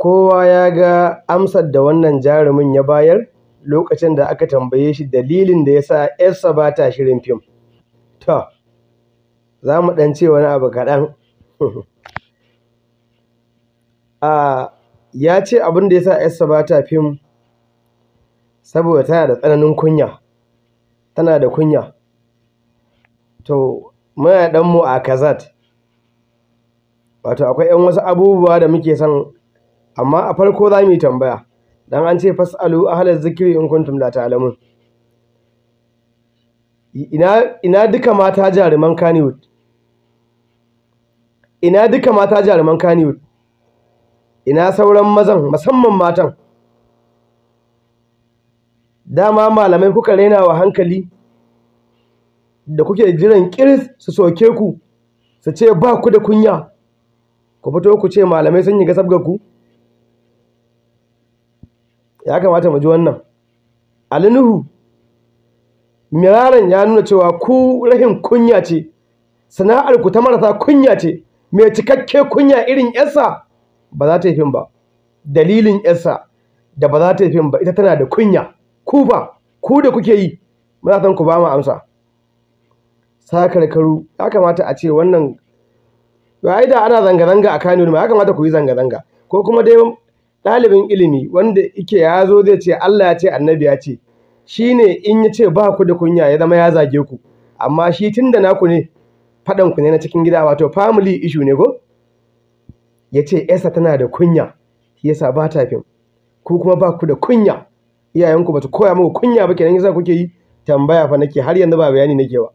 Kowa ya ga amsar da wannan jarumin ya bayar lokacin da aka tambaye shi dalilin da ya sa ‘yarsa ba ta shirin fim. To, za mu ɗan ce wani abu kaɗan. A, ya ce abin da ya sa ‘yarsa ba ta fim saboda tana da tsananin kunya, tana da kunya. To, muna a kazat wato akwai ‘yan wasu abubuwa da muke son amma a farko za mu yi tambaya don an ce fas'alu halar zikiri in kuntum la ta'lamun ina duka mata jaruman Kannywood ina duka mata jaruman ina sauran mazan musamman matan dama malamai kuka raina wa hankali da kuke jiran kiris su soke ku su ce ba ku da kunya ku fito ku ce malamai sun yi ga ku ya kamata mu ji wannan alinuhu miraran ya nuna cewa ku rahin kunya ce sana'ar ku ta marasa kunya ce mai cikakke kunya irin yasa ba za ta yi fim ba dalilin yasa da ba za ta yi fim ba ita tana da kunya ku ba ku da kuke yi muna san ku ba mu amsa sakarkaru ya kamata a ce wannan ai da ana zanga-zanga a Kano ne ya kamata ku yi zanga-zanga ko kuma dai ɗalibin ilimi wanda ike ya zo zai ce Allah ya ce annabi ya ce shi ne in ya ce ba ku da kunya ya zama ya zage ku amma shi tun da naku ne faɗan ku ne na cikin gida wato family issue ne ko ya ce yasa tana da kunya yasa ba ta fim ku kuma ba ku da kunya iyayenku ba ta koya muku kunya ba kenan yasa kuke yi tambaya fa nake har yanzu ba bayani nake ba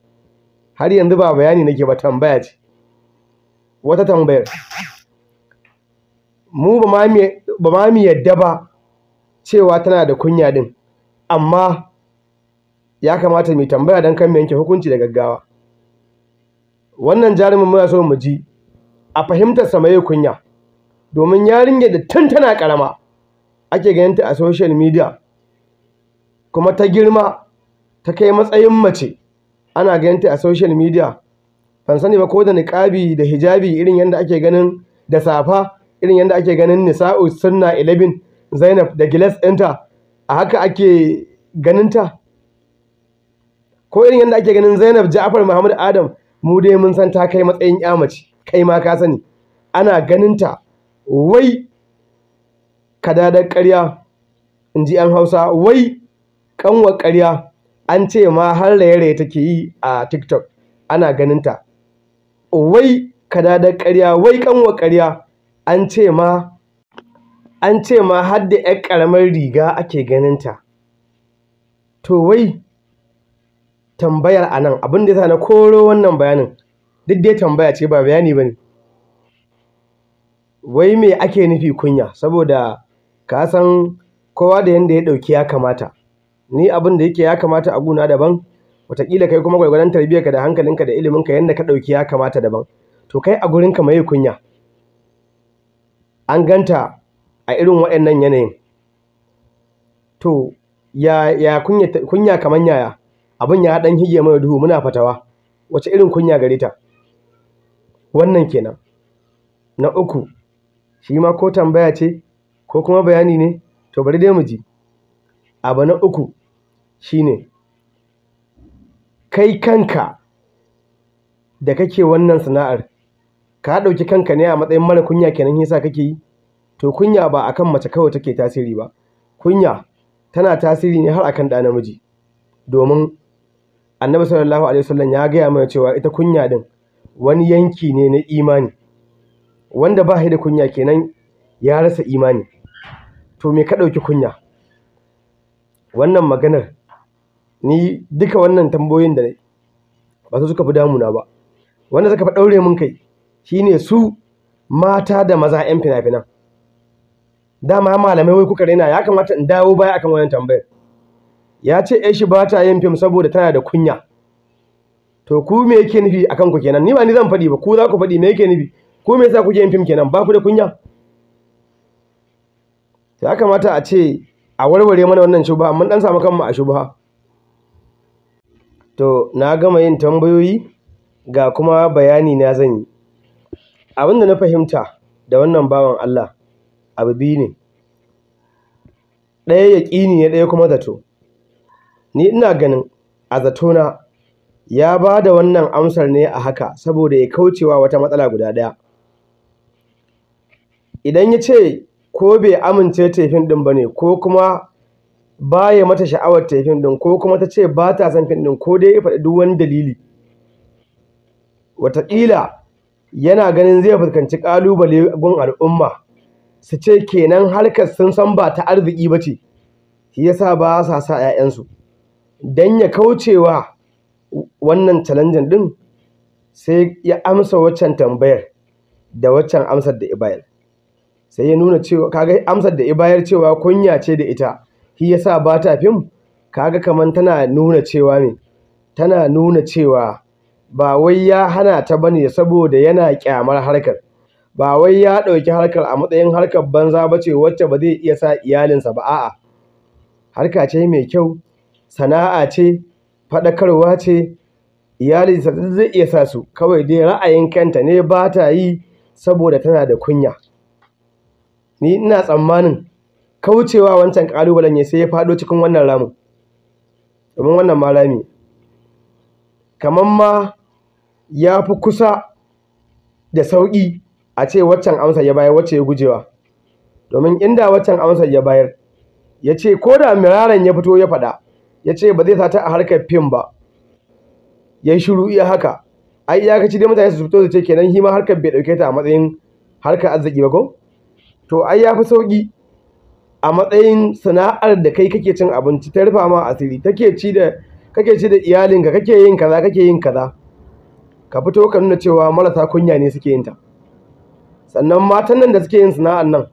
har yanzu ba bayani nake ba tambaya ce wata tambayar mu ba ma mu yadda ba cewa tana da kunya din amma ya kamata mu tambaya don kan mu yanke hukunci da gaggawa wannan jarumin muna so mu ji a fahimtar sa kunya domin yarinyar da tun tana karama ake ganin ta a social media kuma ta girma ta kai matsayin mace ana ganin ta a social media ban sani ba ko da niqabi da hijabi irin yadda ake ganin da safa irin yadda ake ganin nisa'u sunna 11 zainab da gilas ɗinta a haka ake ganinta ko irin yadda ake ganin zainab ja'far muhammad adam mu dai mun san ta kai matsayin ya mace kai ma ka sani ana ganinta wai kadadar ƙarya in ji 'yan hausa wai ƙanwar ƙarya an ce ma har raye-raye take yi a tiktok ana ganinta wai kadadar ƙarya wai ƙanwar ƙarya an ce ma an ce har da 'yar ƙaramar riga ake ganinta. To wai tambayar a nan abin da ya sa na koro wannan bayanin duk dai tambaya ce ba bayani ba ne. Wai me ake nufi kunya saboda ka san kowa da yadda ya ɗauki ya kamata. Ni abin da yake ya kamata a guna daban wataƙila kai kuma gwargwadon tarbiyyarka da hankalinka da iliminka yadda ka ɗauki ya kamata daban. To kai a gurinka mai kunya? an ganta a irin waɗannan yanayin to ya ya kunya kunya kaman yaya abin ya ɗan hige mana duhu muna fatawa wace irin kunya gare ta wannan kenan na uku shi ma ko tambaya ce ko kuma bayani ne to bari dai mu ji abu na uku shine kai kanka da kake wannan sana'ar ka ɗauki kanka ne a matsayin mara kunya kenan yasa kake yi to kunya ba akan mace kawai take tasiri ba kunya tana tasiri ne har akan ɗa namiji domin annabi sallallahu alaihi wasallam ya gaya mana cewa ita kunya din wani yanki ne na imani wanda ba shi da kunya kenan ya rasa imani to me ka ɗauki kunya wannan maganar ni duka wannan tambayoyin da ba su suka fi damuna ba wanda suka fi ɗaure mun kai shine su mata da maza 'yan fina-finan dama malamai wai kuka raina ya kamata in dawo baya akan wannan tambayar ya ce ya shi ba ta yin fim saboda tana da kunya to ku me yake nufi akan ku kenan ni ba ni zan faɗi ba ku za ku faɗi me yake nufi ku me yasa kuke yin fim kenan ba ku da kunya ya kamata a ce a warware mana wannan shubha mun dan samu kanmu a shubha to na gama yin tambayoyi ga kuma bayani na zan yi Abin da na fahimta da wannan bawan Allah abu biyu ne. Ɗaya yaƙini ne ɗaya kuma zato. Ni ina ganin a zato na. ya ba da wannan amsar ne a haka saboda ya kaucewa wata matsala guda ɗaya. Idan ya ce ko bai amince tefin ɗin ba ne ko kuma ba ya mata sha'awar tefin ɗin ko kuma ta ce ba ta son fin ɗin ko dai ya faɗi duk wani dalili. Wataƙila yana ganin zai fuskanci ƙalubale gun al'umma su ce kenan harkar sun san ba ta arziki ba ce shi sa ba sa sa 'ya'yansu don ya kaucewa wannan challenging ɗin sai ya amsa waccan tambayar da waccan amsar da ibayar sai ya nuna cewa kaga amsar da ibayar cewa kunya ce da ita shi sa ba ta fim kaga kaman tana nuna cewa ne tana nuna cewa ba wai ya hana ta bane saboda yana kyamar harkar. Ba wai ya ɗauki harkar a matsayin harkar banza ba ce wacce ba zai iya sa iyalinsa ba, a'a. Harka ce mai kyau, sana'a ce, faɗakarwa ce, iyalinsa zai iya sa su. Kawai dai ra'ayin kanta ne ba ta yi saboda tana da kunya. Ni ina tsammanin kaucewa wancan ƙalubalen ne sai ya faɗo cikin wannan ramin. Domin wannan ma rami kamar ma ya fi kusa da sauƙi a ce waccan amsar ya bayar wacce ya gujewa domin inda waccan amsar ya bayar ya ce ko da miraren ya fito ya faɗa ya ce ba zai sata a harkar fim ba ya yi shiru iya haka ai iyakaci dai mutane su fito su ce kenan hima harkar bai ɗauke ta a matsayin harkar arziki ba ko to ai ya fi sauƙi a matsayin sana'ar da kai kake cin abinci ta rufa ma asiri take ci da kake ce da iyalinka kake yin kaza kake yin kaza ka fito ka nuna cewa marasa kunya ne suke yin ta sannan matan nan da suke yin sana'an nan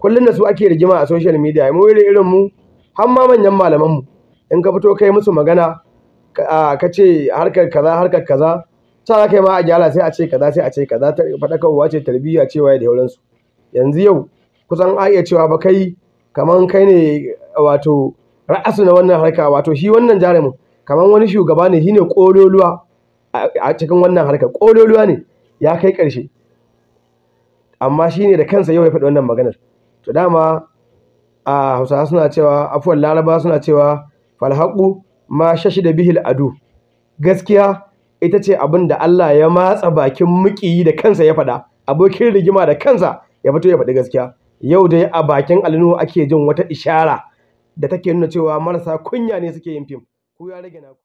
kullum da su ake rigima a social media mu wuri irin mu har ma manyan malaman mu in ka fito kai musu magana ka ce harkar kaza harkar kaza ta kai ma a gyara sai a ce kaza sai a ce kaza faɗakarwa ce tarbiyya ce waye da su yanzu yau kusan a iya cewa ba kai kaman kai ne wato ra'asu na wannan harka wato shi wannan jarumin kamar wani shugaba ne shine ƙololuwa a cikin wannan harka kololuwa ne ya kai ƙarshe amma shine da kansa yau ya faɗi wannan maganar to dama a hausawa suna cewa afuwar laraba suna cewa falhaƙu ma shashi da bihil adu gaskiya ita ce abin da Allah ya matsa bakin muƙiyi da kansa ya faɗa abokin rigima da kansa ya fito ya faɗi gaskiya yau dai a bakin alnu ake jin wata ishara da take nuna cewa marasa kunya ne suke yin fim. Ku ya rage naku.